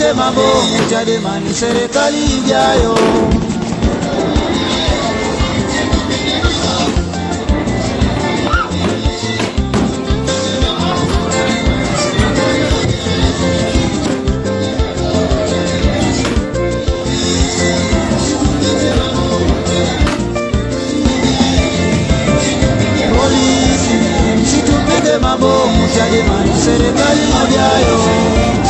de mambo Chadema ni serikali ijayo. Polisi msitupige mambo, Chadema ni serikali ijayo.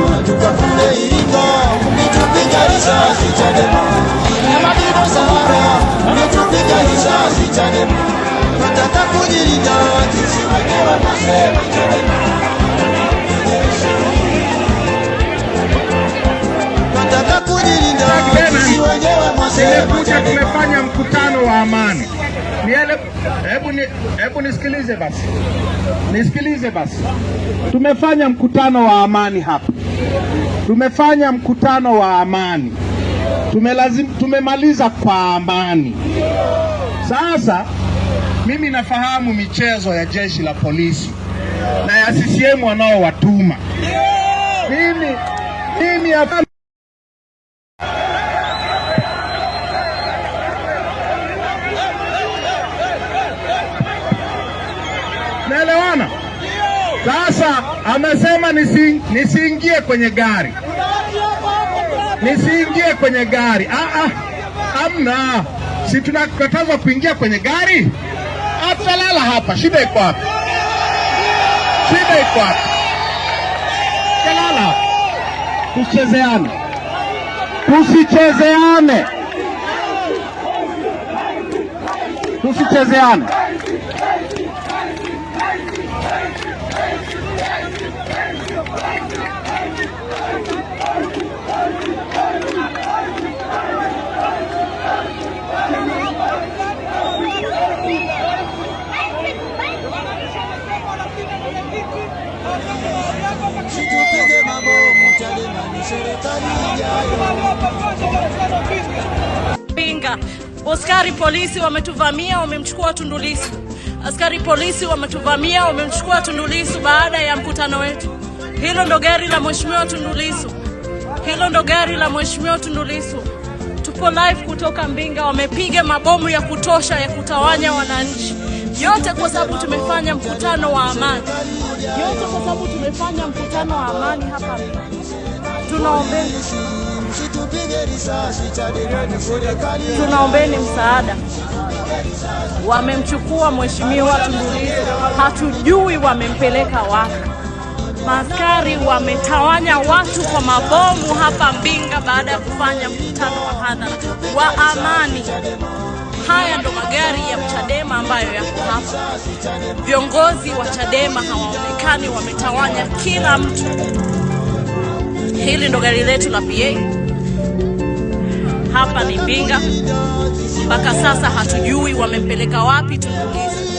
Nimekuja, tumefanya mkutano wa amani. Hebu nisikilize basi, nisikilize basi. Tumefanya mkutano wa amani hapa, tumefanya mkutano wa amani, tumelazim, tumemaliza kwa amani. Sasa mimi nafahamu michezo ya jeshi la polisi na ya CCM wanaowatuma mimi, mimi hapa naelewana. Sasa amesema nisiingie kwenye gari, nisiingie kwenye gari. Ah, ah, amna, si tunakatazwa kuingia kwenye gari? atalala hapa. Shida iko wapi? Shida iko wapi? Kalala, tusichezeane, tusichezeane, tusichezeane. situpize mabomu Chadema ni serikali ijayo. Pinga askari polisi wametuvamia, wamemchukua Tundu Lissu. Askari polisi wametuvamia, wamemchukua Tundu Lissu baada ya mkutano wetu. Hilo ndo gari la mheshimiwa Tundu Lissu, hilo ndo gari la mheshimiwa Tundu Lissu. Tupo live kutoka Mbinga, wamepiga mabomu ya kutosha ya kutawanya wananchi, yote kwa sababu tumefanya mkutano wa amani sababu tumefanya mkutano wa amani hapa, tunaombeni risasi tunaombeni msaada. Wamemchukua mheshimiwa Tundu Lissu, hatujui wamempeleka wapi. Maskari wametawanya watu kwa mabomu hapa Mbinga baada ya kufanya mkutano wa hadhara wa amani. Haya ndo magari ya Chadema ambayo yako hapa. Viongozi wa Chadema hawaonekani, wametawanya kila mtu. Hili ndo gari letu la PA. Hapa ni Mbinga, mpaka sasa hatujui wamempeleka wapi, tumuulize.